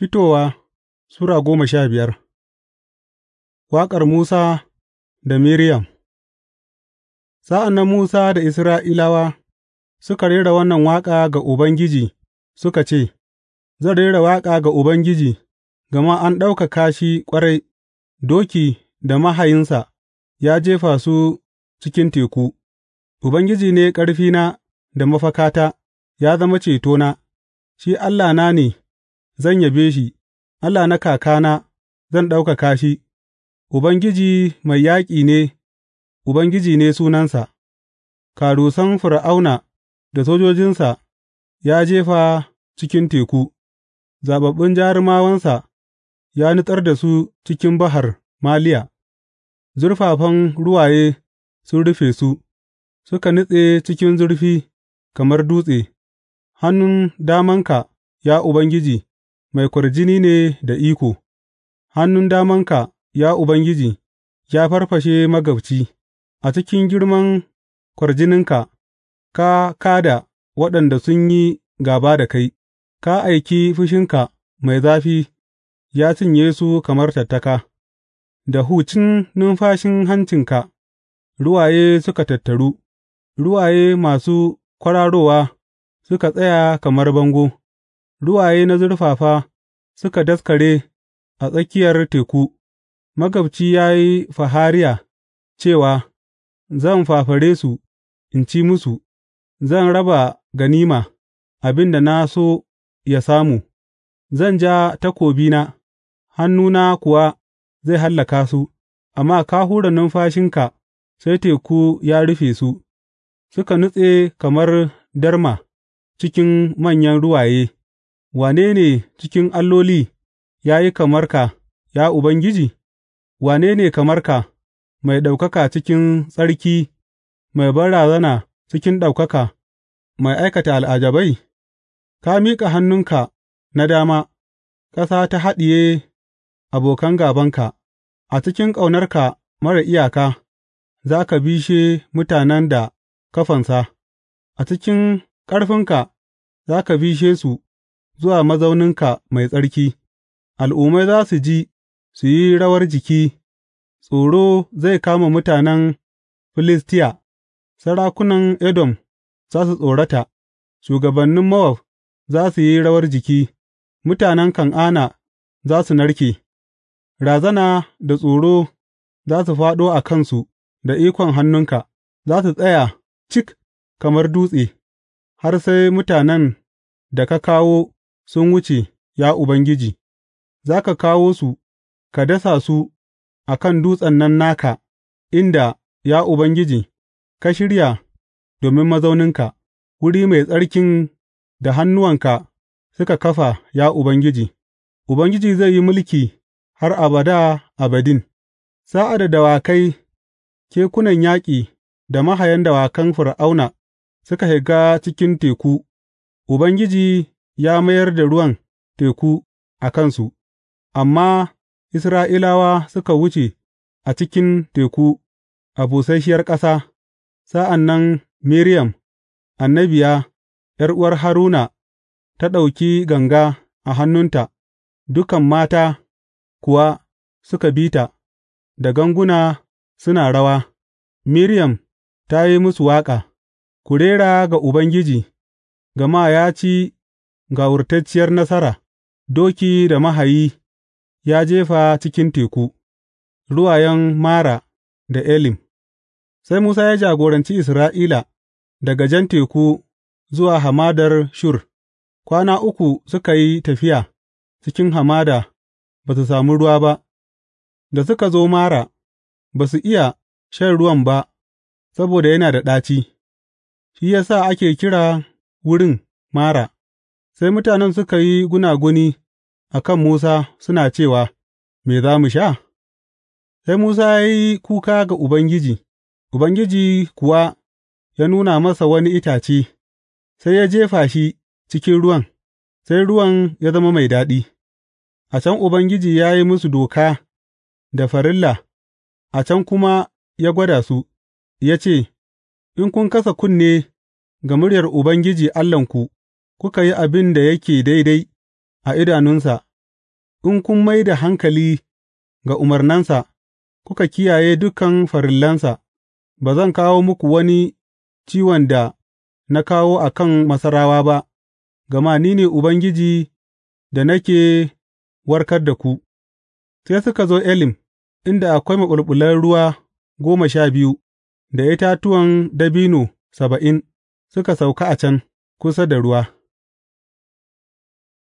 Fitowa Sura goma sha biyar Waƙar Musa da Miriam. Sa'an nan Musa da Isra'ilawa suka rera wannan waƙa ga Ubangiji suka ce, Zan rera waƙa ga Ubangiji, gama an ɗaukaka shi ƙwarai, doki da mahayinsa ya jefa su cikin teku. Ubangiji ne ƙarfina da mafakata, ya zama cetona, shi Allahna ne. zan yabe shi, Allah na kakana, zan ɗaukaka shi; Ubangiji mai yaƙi ne, Ubangiji ne sunansa, karusan Fir'auna da sojojinsa ya jefa cikin teku, zaɓaɓɓun jarumawansa ya nutsar da su cikin Bahar Maliya, zurfafan ruwaye sun rufe su, suka nutse cikin zurfi kamar dutse, hannun damanka, ya Ubangiji. mai kwarjini ne da iko; hannun damanka, ya Ubangiji, ya farfashe magabci; a cikin girman kwarjininka ka kada waɗanda sun yi gaba da kai, ka aiki fushinka mai zafi ya cinye su kamar tattaka; da hucin numfashin hancinka ruwaye suka tattaru, ruwaye masu kwararowa suka tsaya kamar bango, ruwaye na zurfafa. suka daskare a tsakiyar teku, magabci ya yi fahariya cewa, Zan fafare su in ci musu, zan raba ganima, abin da na so ya samu, zan ja takobina, hannuna kuwa zai hallaka su, amma ka hura numfashinka sai teku ya rufe su, suka nutse kamar darma cikin manyan ruwaye. Wane ne cikin alloli ya yi kamar ka, ya Ubangiji? Wane ne kamar ka, mai ɗaukaka cikin tsarki, mai barazana cikin ɗaukaka, mai aikata al'ajabai? Ka miƙa hannunka na dama, ƙasa ta haɗiye abokan gābanka; a cikin ƙaunarka mara iyaka za ka bishe mutanen da kafansa. a cikin ƙarfinka za ka bishe su. zuwa mazauninka mai tsarki; al'ummai za su ji su yi rawar jiki, tsoro zai kama mutanen Filistiya, sarakunan Edom za su tsorata, shugabannin Mowab za su yi rawar jiki, mutanen Kan'ana za su narke; razana da tsoro za su fāɗo a kansu da ikon hannunka, za su tsaya cik kamar dutse, har sai mutanen da ka kawo sun wuce, ya Ubangiji, za ka kawo su ka dasa su a kan dutsen nan naka inda, ya Ubangiji, ka shirya domin mazauninka, wuri mai tsarkin da hannuwanka suka kafa, ya Ubangiji, Ubangiji zai yi mulki har abada abadin, sa'ad da dawakai, kekunan yaƙi da mahayan dawakan Fir'auna suka shiga cikin teku, Ubangiji ya mayar da ruwan teku a kansu, amma Isra'ilawa suka wuce a cikin teku a busasshiyar ƙasa, sa'an nan Miriyam, annabiya, ’yar'uwar Haruna, ta ɗauki ganga a hannunta, dukan mata kuwa suka bi ta, da ganguna suna rawa, Miriam ta yi musu waƙa, Ku rera ga Ubangiji, gama ya ci gawurtacciyar nasara, doki da mahayi ya jefa cikin teku, ruwayen Mara da Elim. Sai Musa ya jagoranci Isra'ila daga Jan Teku zuwa hamadar Shur, kwana uku suka yi tafiya cikin hamada ba su sami ruwa ba, da suka zo Mara, ba su iya shan ruwan ba saboda yana da ɗaci, shi ya sa ake kira wurin Mara. Sai mutanen suka yi gunaguni a kan Musa suna cewa, Me za mu sha? Sai Musa ya yi kuka ga Ubangiji, Ubangiji kuwa ya nuna masa wani itace, sai ya jefa shi cikin ruwan, sai ruwan ya zama mai daɗi, a can Ubangiji ya yi musu doka da farilla, a can kuma ya gwada su, ya ce, In kun kasa kunne ga muryar Ubangiji Allahnku. kuka yi abin da yake daidai a idanunsa, in kun mai da hankali ga umarnansa, kuka kiyaye dukan farillansa, ba zan kawo muku wani ciwon da na kawo a kan Masarawa ba, gama ni ne Ubangiji da nake warkar da ku. Sai suka zo Elim, inda akwai maɓulɓulan ruwa goma sha biyu da itatuwan dabino saba'in suka sauka a can kusa da ruwa.